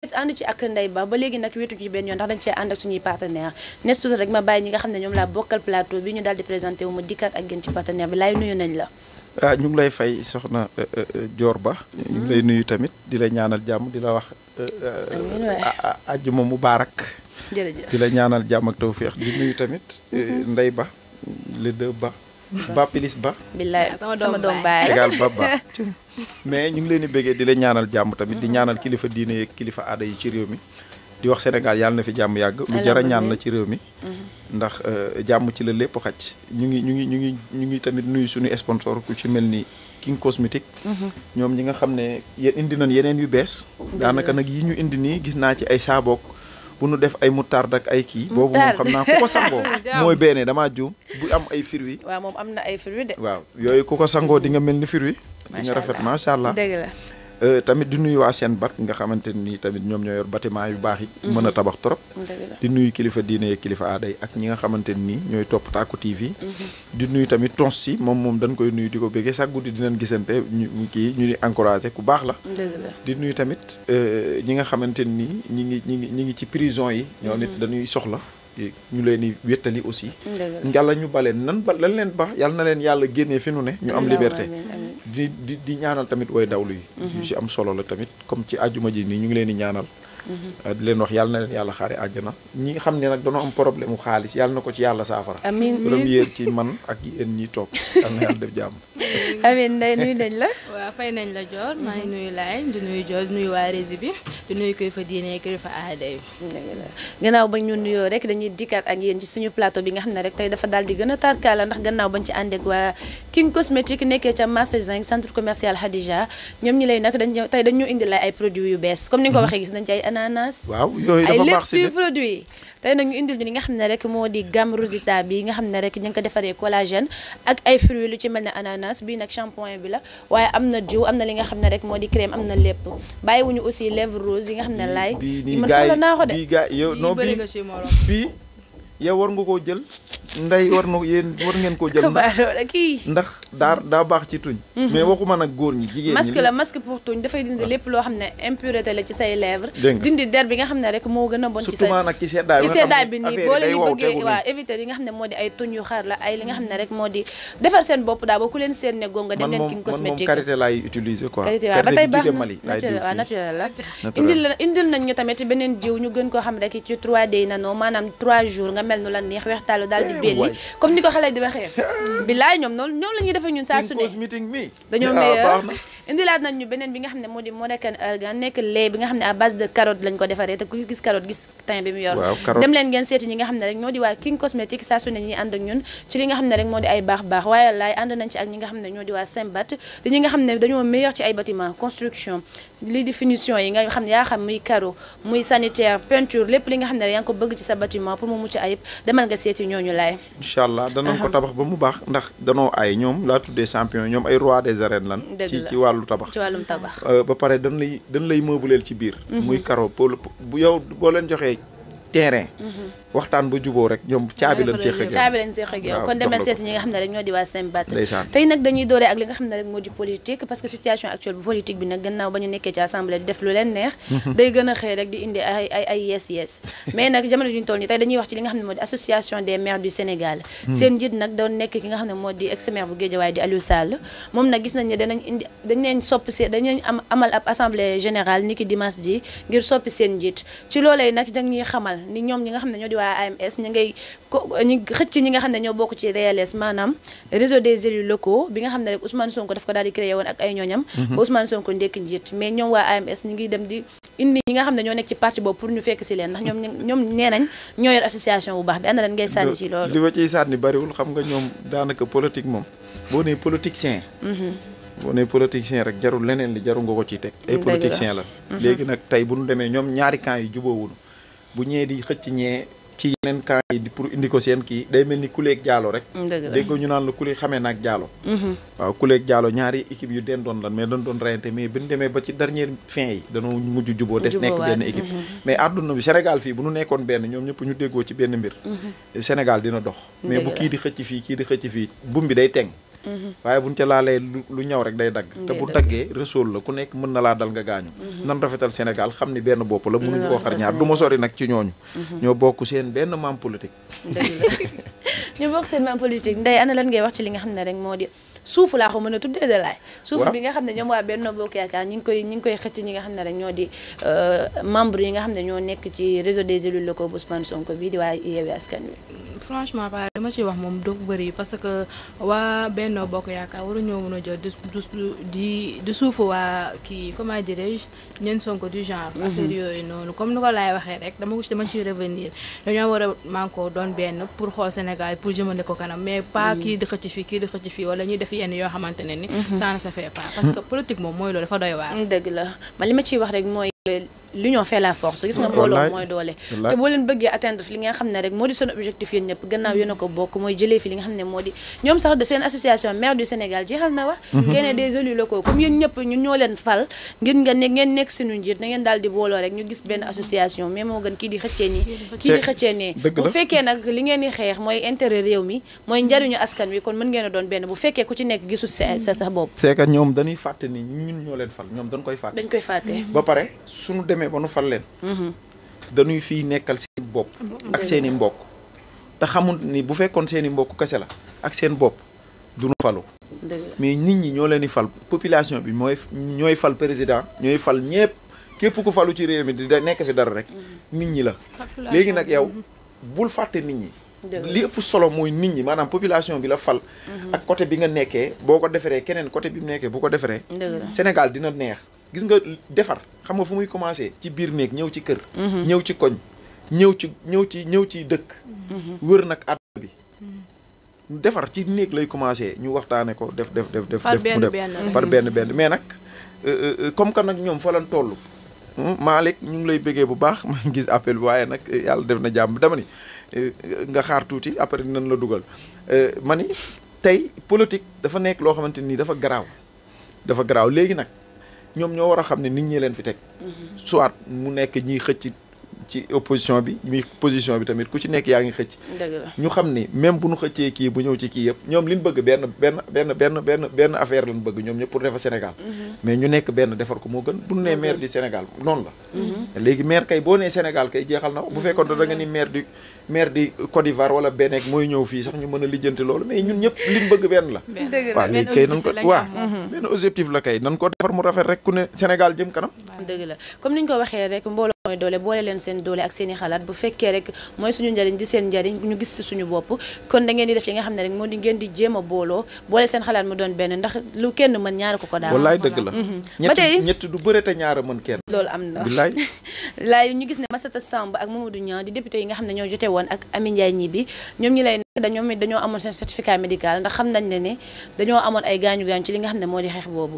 it ànd ci ak Ndeye Ba ba léegi nag wetu ci benn yoon dañ cee ànd suñuy partenaire nes tuuti rek ma bàyyi ñi nga xam ne ñoom laa bokkal plateau bi ñu daal di présenté wu ma dikkaat ak nuyu nañ la ah, ñu ngi lay fay soxna joor euh, euh, euh, Ba ñu ngi lay nuyu tamit di la ñaanal jàmm di la wax ajjuma mubaarak jërëjëf di la ñaanal jàmm ak tawféex di nuyu tamit mhm. Ndeye Ba le Ba ba pilis ba. billaay sama doom baay égal ba ba mais ñu ngi leen di bëggee di la ñaanal jàmm tamit di ñaanal kilifa diine yeeg kilifa aada yi ci réew mi di wax Sénégal yàlla na fi jàmm yàgg lu jara ñaan la ci réew mi mm-hmm. ndax euh, jàmm ci la lépp xaj ñu ngi ñu ngi ñu ngi ñu ngi tamit nuyu suñu sponsor ku ci mel ni King Cosmétique mm-hmm. ñoom ñi nga xam ne indi na yeneen yu bees daanaka nag yi ñu indi nii gis naa ci ay saabook bu nu def ay moutarde ak ay kii. boobu moom xam naa ku ko sangoo. mooy benn damaa juum bu am ay fruits. waaw moom am na ay fruits de. waaw yooyu ku ko sangoo di nga mel ni fruits. di nga rafet macha allah dëgg Euh, tamit di nuyu waa seen bat nga xamante nii tamit ñoom ñoo yor batiment yu baax yi. Mhm. mën a tabax trop. di nuyu kilifa diine kilifa aada yi ak ñi nga xamante nii ñooy topp Tacko TV. Mhm. di nuyu tamit tons si moom koy nuyu di ko bëggee chaque guddi dinañ gisante ñu kii ñu di encouragé ku baax la. di nuyu tamit euh, ñi nga xamante ni ñi ngi ñi ngi ngi ci prison yi. ñoo nit mhm. dañuy soxla. ñu leen di wéttali aussi. yàlla ñu bale nan ba lan leen baax yàlla na leen yàlla génnee fi nu ne. ñu am liberté. di di di ñaanal tamit way dawlu yi. Mhm. yu si am solo la tamit comme ci àjjuma ji nii ñu ngi leen di ñaanal. Mhm. Euh, di leen wax yàlla na leen yàlla xaare àjjana ñi xam ne nag dañoo am problème na ko ci yàlla saafara. toog yàlla na yàlla la. waaw fay nañ la Dior maa ngi nuyu laay di nuyu Dior di nuyu waa rési bi di nuyu kilifa diine kilifa aada yi. gannaaw ba ñu nuyoo rek dañuy dikkaat ak yéen suñu plateau bi nga xam ne rek tey dafa daal di gën a tarkaala ndax gannaaw bañ ci ànd waa King Cosmétique nekkee ca marché Zinc centre commercial Hadija ñoom ñi lay nag dañ tey dañu indi lay ay produits yu bees comme ni nga ko mhm. waxee gis nañ ci ananas waaw yooyu dafa baax si ay lépp produit tey ñu li nga xam ne rek moo di gamme Rosita bi nga xam ne rek ñu ngi ko defaree collagène ak ay lu ci mel ne ananas bii nag shampoing bi la waaye am na jiw am na li nga xam ne rek moo di crème am na lépp bàyyiwuñu aussi lèvre rose yi nga xam ne laay man soxla naa ko de bii yow non bii yow war nga koo jël nday ndax daa baax ci tuñ mhm. mais waxuma nag góor ñi jigéen ñi masque la masque pour tuñ dafay dindi lépp loo xam ne impureté la ci say lèvres dindi der bi nga xam ne rek moo di defar seen bopp daa ba ku leen seen ne gonga dem leen king laay utiliser quoi ba tey baax na indil indil nañ tamit beneen jiw ñu gën koo xam rek ci 3D nano maanaam 3 jours nga mel nu la neex weextaalu daal di belli comme ni ko xale di waxee bilaay ñoom noonu ñoom la ñuy ñun saa su dañoo ah, meilleur indilaat nañ ñu beneen bi nga xam ne moo di moo nekk euh, nekk lait bi nga xam ne à de carotte lañ ko defaree te ku gis carotte gis teint bi mu yor dem leen ngeen seeti ñi nga xam ne rek ñoo di waa King Cosmétique saa su ñi ànd ak ñun ci li nga xam ne rek moo di ay baax baax waaye laay ànd nañ ci ak ñi nga xam ne ñoo di waa Sembat di ñi nga xam ne dañoo meilleur ci ay bâtiment construction li définition yi nga xam ne yaa xam muy carreau muy sanitaire peinture lépp li nga xam ne yaa ngi ko bëgg ci sa bâtiment pour mu mucc ayib demal nga seeti ñooñu laay incha allah danañ ko tabax ba mu baax ndax danoo ay ñoom laa tuddee champion ñoom ay roi des arènes lan ci ci wàllu tabax ci wàllum tabax euh, ba pare dañ lay dañ lay meubleel ci biir muy carreau pour bu yow boo leen joxee terrain waxtaan ba juboo rek ñoom caabi lañ seex ak caabi kon demal seeti ñi nga xam ne rek ñoo di waa tey nag dañuy dooree ak li nga xam ne rek moo di politique parce que situation actuelle bu politique bi nag gannaaw ba ñu nekkee ci assemblée di def lu leen neex day gën xëy rek di indi ay ay ay mais nag jamono juñu toll nii tey dañuy wax ci li nga xam ne moo di association des maires du Sénégal hmm. seen njiit nag doon nekk ki nga xam ne moo di waa AMS ñu ngay ñu xëcc ñi nga xam ne ñoo bokk ci RLS maanaam réseau des élus locaux bi nga xam ne rek Ousmane Sonko daf ko daal di créé ak ay ñooñam mhm. ba Ousmane Sonko ndekk njiit mais ñoom waa AMS association bu baax bi ana lan ngay sànni ci loolu li ma ciy sànni bariwul xam nga ñoom daanaka politique moom boo nee politicien mhm. boo nee politicien rek jarul leneen li jarul nga ko teg ay politicien la mhm. léegi nag tey bu ñu demee ñoom ci yeneen camp yi pour indi ko seen kii day mel ni kuleeg jaalo rek. Mm, dëgg ñu naan la kuleeg xamee naag jaalo. Mm-hmm. waaw kuleeg jaalo ñaari équipe yu den doon lan mais dañ doon reyante mais bi ñu demee ba ci dernière fin yi danoo mujj juboo des nekk benn équipe. Mm-hmm. mais àdduna bi Sénégal fii bu nu nekkoon benn ñoom ñëpp ñu déggoo ci benn mbir. Mm-hmm. Sénégal dina dox. mais bu kii di xëcc fii kii di xëcc fii bum bi day teng waaye buñ ca laalee lu ñaw rek day dagg te bu daggee resol la ku nekk mën na laa dal nga gaañu mhm. nan rafetal Sénégal xam ni benn bopp la mënuñu koo xar ñaar du ma sori nag ci ñooñu mhm. ñoo bokk seen benn maam politique ñu bokk seen maam politique ndey ana lan ngay wax ci li nga xam ne rek moo di suuf laa ko mën a tuddee de suuf bi nga xam ne ñoom waa Benno Bokk Yaakaar ñi ngi koy ñi ngi koy xëcc ñi nga xam ne rek ñoo di euh, membre yi nga xam ne ñoo nekk ci réseau de élus locaux bu Ousmane Sonko bii di waa Yewwi Askan Wi franchement pa dama ciy wax moom du bëri parce que waa benn Bokk Yaakaar waru ñoo mën a jël di di di suufu waa kii comment dirais-je ñeen Sonko du genre mhm. affaire yooyu noonu comme nu ko laay waxee rek dama ko ci dama ciy revenir dañoo war a manko doon benn pour xool Sénégal pour jëmale ko kanam mais pas mhm. kii di xëcc fii kii di xëcc fii wala ñuy def yenn yoo xamante ne ni mhm. ça ne se fait pas parce que politique moom mooy loolu dafa doy waar la man li ma ciy wax rek mooy l'union fait la force gis nga mm. mbooloo mooy doole te boo leen bëggee atteindre fi li nga xam ne rek moo di seen objectif yéen ñëpp gannaaw yéen a ko bokk mooy jëlee fi li nga xam ne moo di ñoom sax de seen association maire du Sénégal jeexal na wax mm-hmm. kenn des élus locaux comme yéen ñëpp ñun ñoo leen fal ngir nga ne ngeen nekk njiit na ngeen daal booloo rek ñu gis benn association mais moo gën kii di xëccee nii kii di xëccee nee bu fekkee nag li ngeen di xeex demee ba nu fal leen. Mhm. dañuy fiy nekkal seen bopp. ak seeni mbokk. te xamul ni bu fekkoon seeni mbokk kese la ak seen bopp du nu falu. mais nit ñi ñoo leeni fal population bi mooy ñooy fal président ñooy fal ñépp képp ku falu ci réew mi di da nekk fi dara rek. Mhm. nit ñi la. léegi nag yow mhm. bul fàtte nit ñi. li ëpp solo mooy nit ñi maanaam population bi la fal. ak côté bi nga nekkee boo ko defaree keneen côté bi mu nekkee bu ko deferee. Sénégal dina neex. gis nga defar xam nga fu muy commencé ci biir néeg ñëw ci kër mhm. ñëw ci koñ ñëw ci ñëw ci ñëw ci dëkk mhm. wër nag àdduna bi mhm. defar ci néeg lay commencé ñu waxtaane ko def def def def mu def par benn benn mais nag euh, euh, euh, comme que nag ñoom fa toll hmm? Malick ñu ngi lay bëggee bu baax ma gis appel bi nag yàlla def na jàmm dama ni nga xaar tuuti après nañ la dugal ma ni tey politique dafa nekk loo xamante nii dafa garaaw dafa garaaw léegi nag ñoom ñoo war a xam ne nit ñi leen fi teg. Mhm. soit mu nekk ñiy xëcc ci opposition bi mi position bi tamit ku ci nekk yaa ngi xëcc. ñu xam ni même bu ñu xëccee kii bu ñëw ci kii yëpp ñoom li ñu bëgg benn benn benn benn benn benn affaire lañ bëgg ñoom ñëpp pour defar Sénégal. Mhm. mais ñu nekk benn defar ko moo gën bu ñu nee maire du Sénégal noonu la. Mhm. léegi maire kay boo nee Sénégal kay jeexal na bu fekkoon da nga ni maire du di Côte d'Ivoire wala Bénin mooy ñëw fii sax ñu mën a lijjanti loolu mais ñun ñëpp li bëgg benn la. waaw léegi kay nan ko waaw mhm. benn objectif jëm kanam. dëgg la comme niñ ko waxee rek mbooloo mooy doole boole leen seen doole ak seeni xalaat bu fekkee rek mooy suñu njëriñ di seen njëriñ ñu gis ci suñu bopp kon da ngeen di def li nga xam ne rek moo di ngeen di jéem a booloo boole seen xalaat mu doon benn ndax lu kenn mën ñaar ko ko daal wallaay dëgg la mhm. ñett du bëre te ñaar a mën kenn loolu na billaay laay ñu gis ne Massata Samb ak Mamadou Niang di député yi nga xam ne ñoo jote woon ak Amy Ndiaye Gniby ñoom ñi lay nekk dañoo dañoo amoon seen certificat médical ndax xam nañ ne ne dañoo amoon ay gaañu gaañu ci li nga xam ne moo di xeex boobu